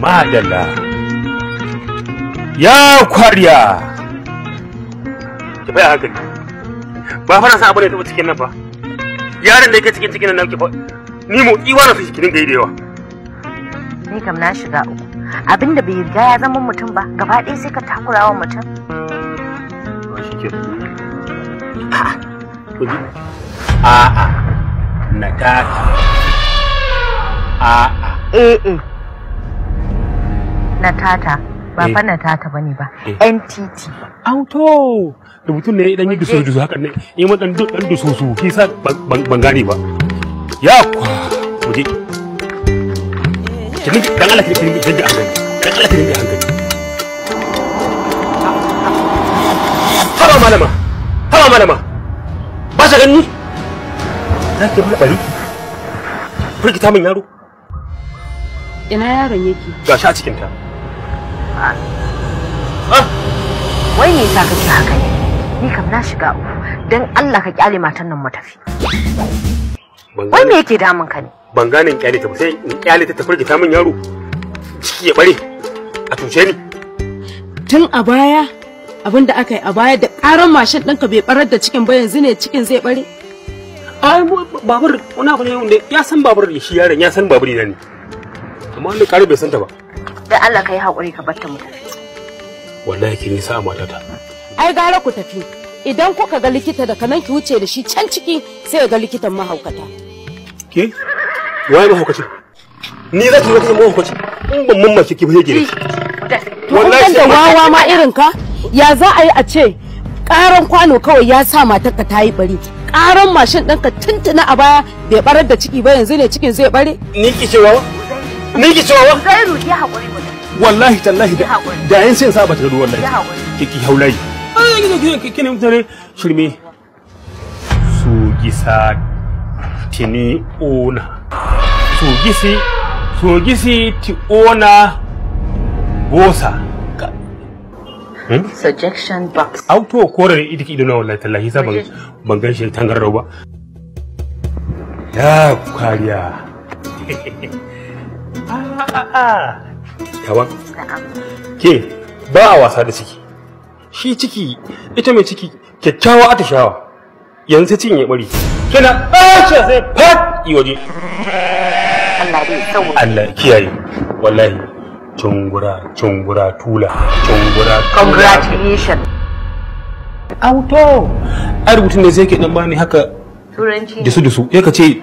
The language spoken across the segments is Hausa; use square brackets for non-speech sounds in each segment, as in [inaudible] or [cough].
madalla ya kwarya ki bai hankali ba fara sa abu da taɓa cikin nan ba yaron da yake cikin cikin nan ki ba ni mu iwa na fiki kirin gaida yawa ni kam na shiga uku abinda bai riga ya zama mutum ba gaba ɗaya sai ka takura wa mutum a'a na ta a'a na tata ba eh. fa na tata bane ba eh. NTT auto rubutun ne idan yi dusu dusu haka ne yi mun dan dan dusu su sa ban gane ba ya ku muje kin dan Allah kin kin da hankali dan Allah kin da hankali haba malama haba malama ba sa ganin za ki bari ta min yaro ina yaron yake gashi a cikin ta Ah. Wai me ka kake haka ne? Ni kam na shiga uku. Don Allah ka kyale matan nan mu tafi. Wai me yake damun ka ne? Ban gane kyale ta ba sai in kyale ta ta min yaro. Ciki ya bare. A tuce ni. Tun a baya abin da aka yi a baya da karan mashin ɗinka bai barar da cikin ba yanzu ne cikin zai bare. Ai babur wani abu ne ya san babur ne shi yaron ya san babur ne. Amma wani kare bai san ta ba. da Allah ka yi haƙuri ka batta mu wallahi ki yi sa'a matata ai gara ku tafi idan kuka ga likita da kanan ki wuce da shi can ciki sai ga likitan mahaukata ke waye mahaukaci ni za ki zo ki mahaukaci in ban mamma ki ba yake wallahi da wawa ma irin ka ya za a yi a ce ƙaran kwano kawai ya sa matarka ta yi bari ƙaran mashin ɗinka tuntuna a baya bai barar da ciki ba yanzu ne cikin zai bare ni ki ce wawa ni ki cewa zairu ki hakuri mu wallahi tallahi da da yan sai saba ta ruwan wallahi ki ki haulai ki ki mutane shirme su gisa tini ona su gisi su gisi ti ona gosa hmm? suggestion box auto kore idiki ido na wallahi tallahi sa ban gan shi tangarau ba ya kariya [laughs] Yawan, ke ba a wasa da ciki. Shi ciki, ita mai ciki, kyakkyawa shawa. Yanzu cin ya bari. Kina ɓace sai fat waje. Allah kiyaye, wallahi. Cungura, cungura, tula, cungura, congratulations. Auto! Ai rubutun da zai ke dan bani haka. Turanci. Dusu-dusu, ya ka ce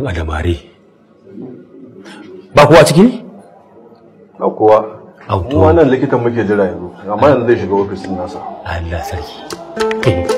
man adamare ba kuwa ciki ne ba kuwa mu wannan likitan muke jira yanzu amma yanzu zai shiga ofisin nasa Allah sarki